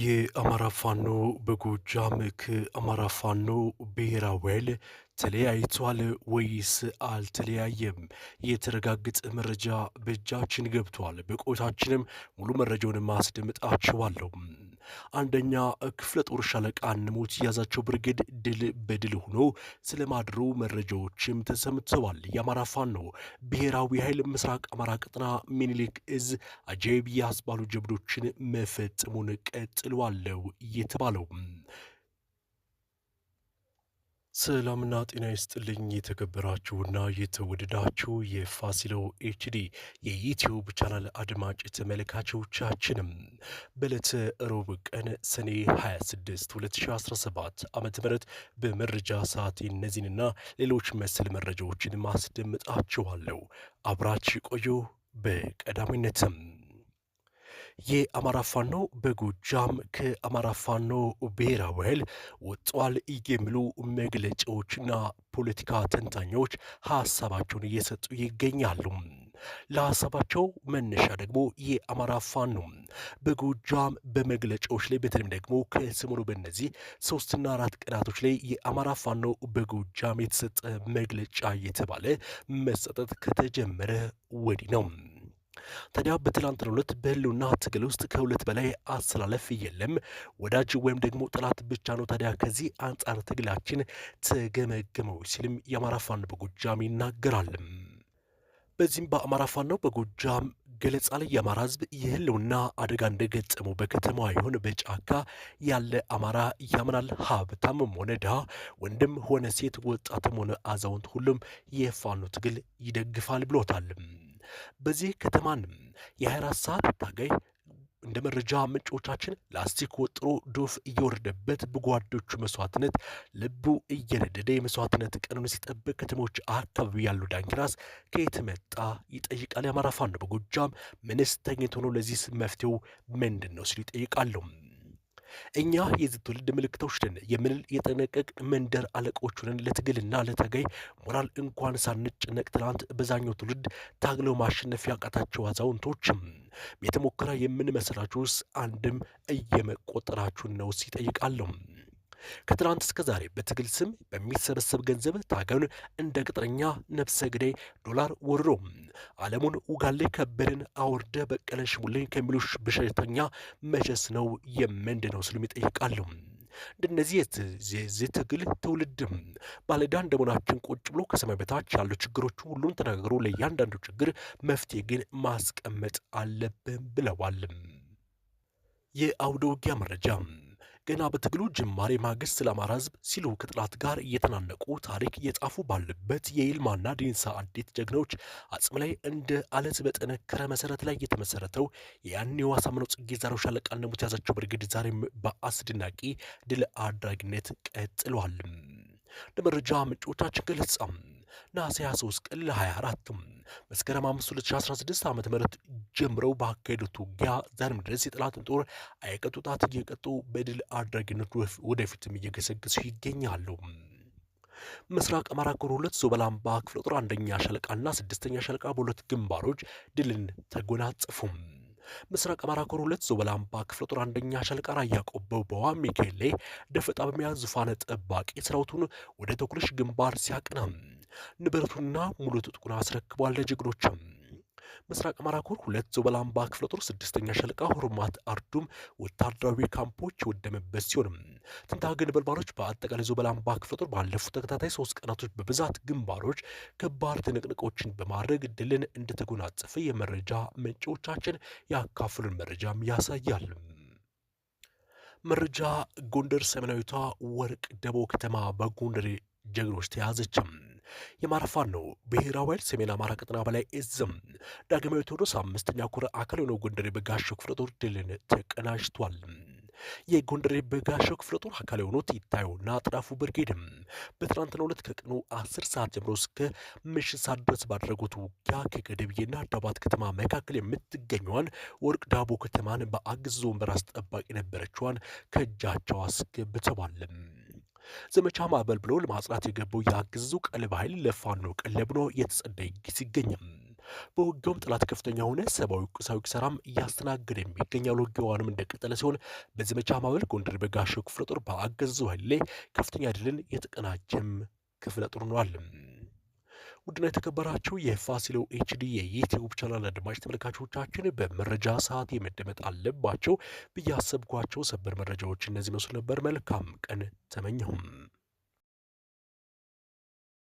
የአማራ ፋኖ በጎጃም ከአማራ ፋኖ ብሔራዊ ኃይል ተለያይቷል ወይስ አልተለያየም? የተረጋገጠ መረጃ በእጃችን ገብቷል። በቆይታችንም ሙሉ መረጃውን ማስደምጣችኋለሁ። አንደኛ ክፍለ ጦር ሻለቃ አንሞት ያዛቸው ብርግድ ድል በድል ሆኖ ስለማድሮ መረጃዎችም ተሰምተዋል። የአማራ ፋኖ ብሔራዊ ኃይል ምስራቅ አማራ ቅጥና ሚኒሊክ እዝ አጀብ ያስባሉ ጀብዶችን መፈጸሙን ቀጥሏለው የተባለው ሰላምና ጤና ይስጥልኝ የተከበራችሁና የተወደዳችሁ የፋሲሎ ኤችዲ የዩትዩብ ቻናል አድማጭ ተመልካቾቻችንም በዕለተ ሮብ ቀን ሰኔ 26 2017 ዓ ም በመረጃ ሰዓት እነዚህንና ሌሎች መሰል መረጃዎችን ማስደምጣችኋለሁ። አብራች ቆዩ። በቀዳሚነትም የአማራ ፋኖ በጎጃም ከአማራ ፋኖ ብሔራዊ ኃይል ወጥቷል የሚሉ መግለጫዎችና ፖለቲካ ተንታኞች ሀሳባቸውን እየሰጡ ይገኛሉ። ለሀሳባቸው መነሻ ደግሞ የአማራ ፋኖ በጎጃም በመግለጫዎች ላይ በተለይም ደግሞ ከሰሞኑ በእነዚህ ሶስትና አራት ቀናቶች ላይ የአማራ ፋኖ በጎጃም የተሰጠ መግለጫ እየተባለ መሰጠት ከተጀመረ ወዲህ ነው። ታዲያ በትላንትናው ዕለት በህልውና ትግል ውስጥ ከሁለት በላይ አሰላለፍ የለም፣ ወዳጅ ወይም ደግሞ ጠላት ብቻ ነው። ታዲያ ከዚህ አንጻር ትግላችን ተገመገመው ሲልም የአማራ ፋኖ በጎጃም ይናገራል። በዚህም በአማራ ፋኖ በጎጃም ገለጻ ላይ የአማራ ህዝብ የህልውና አደጋ እንደገጠመው በከተማ ይሁን በጫካ ያለ አማራ ያምናል። ሀብታምም ሆነ ድሃ፣ ወንድም ሆነ ሴት፣ ወጣትም ሆነ አዛውንት ሁሉም የፋኖ ትግል ይደግፋል ብሎታል። በዚህ ከተማንም የ24 ሰዓት ታጋይ እንደ መረጃ ምንጮቻችን ላስቲክ ወጥሮ ዶፍ እየወረደበት በጓዶቹ መስዋዕትነት ልቡ እየነደደ የመስዋዕትነት ቀኑን ሲጠብቅ ከተሞች አካባቢ ያሉ ዳንኪራስ ከየት መጣ ይጠይቃል። የአማራ ፋኖ በጎጃም ምንስ ተኝቶ ነው? ለዚህ መፍትሄው ምንድን ነው ሲሉ ይጠይቃሉ። እኛ የዚህ ትውልድ ምልክቶች ነን የምንል የጠነቀቅ መንደር አለቆች ሆነን ለትግልና ለታጋይ ሞራል እንኳን ሳንጭነቅ ትናንት በዛኛው ትውልድ ታግለው ማሸነፍ ያቃታቸው አዛውንቶችም ቤተ ሙከራ የምንመስላችሁስ አንድም እየመቆጠራችሁን ነው ሲጠይቃለሁ። ከትናንት እስከ ዛሬ በትግል ስም በሚሰበሰብ ገንዘብ ታገን እንደ ቅጥረኛ ነፍሰ ግዳይ ዶላር ወርዶ አለሙን ውጋሌ ከበደን አወርደ በቀለ ሽሙልኝ ከሚሉ ብሸተኛ መቼስ ነው ነው ስሉም ይጠይቃሉ። እንደነዚህ የዚህ ትግል ትውልድም ባለዕዳ እንደመሆናችን ቁጭ ብሎ ከሰማይ በታች ያሉ ችግሮቹ ሁሉን ተነጋግሮ ለእያንዳንዱ ችግር መፍትሄ ግን ማስቀመጥ አለብን ብለዋል። የአውደ ውጊያ መረጃ ገና በትግሉ ጅማሬ ማግስት ስለ አማራ ሕዝብ ሲሉ ከጥላት ጋር እየተናነቁ ታሪክ እየጻፉ ባለበት የይልማና ዲንሳ አዴት ጀግኖች አጽም ላይ እንደ አለት በጠነከረ መሰረት ላይ የተመሰረተው የያኔው አሳምነው ጽጌ ዛሬው ሻለቃ ነሙት ያዛቸው ብርጌድ ዛሬም በአስደናቂ ድል አድራጊነት ቀጥሏል። ለመረጃ ምንጮቻችን ገለጻም ነሐሴ 23 ቀን ለ24 መስከረም 5 2016 ዓ ም ጀምረው ባካሄዱት ውጊያ ዛሬም ድረስ የጠላትን ጦር አይቀጡ ጣት እየቀጡ በድል አድራጊነት ወደፊትም እየገሰገሱ ይገኛሉ። ምስራቅ አማራ ኮር ሁለት ዞበላምባ ክፍለ ጦር አንደኛ ሻለቃና ስድስተኛ ሻለቃ በሁለት ግንባሮች ድልን ተጎናጽፉም። ምስራቅ አማራ ኮር ሁለት ዞበላምባ ክፍለ ጦር አንደኛ ሻለቃ ራያ ቆቦ በዋ ሚካኤል ላይ ደፈጣ በመያዝ ዙፋን ጠባቂ ሰራዊቱን ወደ ተኩልሽ ግንባር ሲያቅናም ንብረቱና ሙሉ ትጥቁን አስረክቧል ለጀግኖችም። ምስራቅ አማራ ኮር ሁለት ዞበላምባ ክፍለ ጦር ስድስተኛ ሻለቃ ሁርማት አርዱም ወታደራዊ ካምፖች የወደመበት ሲሆንም ትንታገ ነበልባሎች በአጠቃላይ ዞበላምባ ክፍለ ጦር ባለፉት ተከታታይ ሶስት ቀናቶች በብዛት ግንባሮች ከባድ ትንቅንቆችን በማድረግ ድልን እንደተጎናጸፈ የመረጃ ምንጮቻችን ያካፍሉን መረጃም ያሳያል። መረጃ ጎንደር ሰሜናዊቷ ወርቅ ደቦ ከተማ በጎንደር ጀግኖች ተያዘችም። የአማራ ፋኖ ብሔራዊ ኃይል ሰሜን አማራ ቀጠና በላይ እዝም ዳግማዊ ቴዎድሮስ አምስተኛ ኩር አካል የሆነው ጎንደር የበጋሸው ክፍለ ጦር ድልን ተቀናጅቷል። የጎንደር የበጋሸው ክፍለ ጦር አካል የሆኑት ይታየውና አጥናፉ ብርጌድም በትናንትና ሁለት ከቀኑ አስር ሰዓት ጀምሮ እስከ ምሽት ሰዓት ድረስ ባደረጉት ውጊያ ከገደብዬና አዳባት ከተማ መካከል የምትገኘዋን ወርቅ ዳቦ ከተማን በአግዞ ወንበር አስጠባቂ ነበረችዋን ከእጃቸው አስገብተዋልም። ዘመቻ ማዕበል ብሎ ለማጽናት የገባው የአገዛዙ ቀልብ ኃይል ለፋኖ ቀለብ ነው የተጸዳ ይገኛል። በውጊያውም ጠላት ከፍተኛ የሆነ ሰብአዊ ቁሳዊ ኪሳራም እያስተናገደ የሚገኛል። ውጊያውንም እንደቀጠለ ሲሆን በዘመቻ ማዕበል ጎንደር በጋሸው ክፍለ ጦር በአገዛዙ ኃይል ላይ ከፍተኛ ድልን የተቀናጀም ክፍለ ጦር ነዋል። ውድና የተከበራችሁ የፋሲሎ ኤችዲ የዩትዩብ ቻናል አድማጭ ተመልካቾቻችን በመረጃ ሰዓት የመደመጥ አለባቸው ብዬ አሰብኳቸው ሰበር መረጃዎች እነዚህ መስሉ ነበር። መልካም ቀን ተመኘሁም።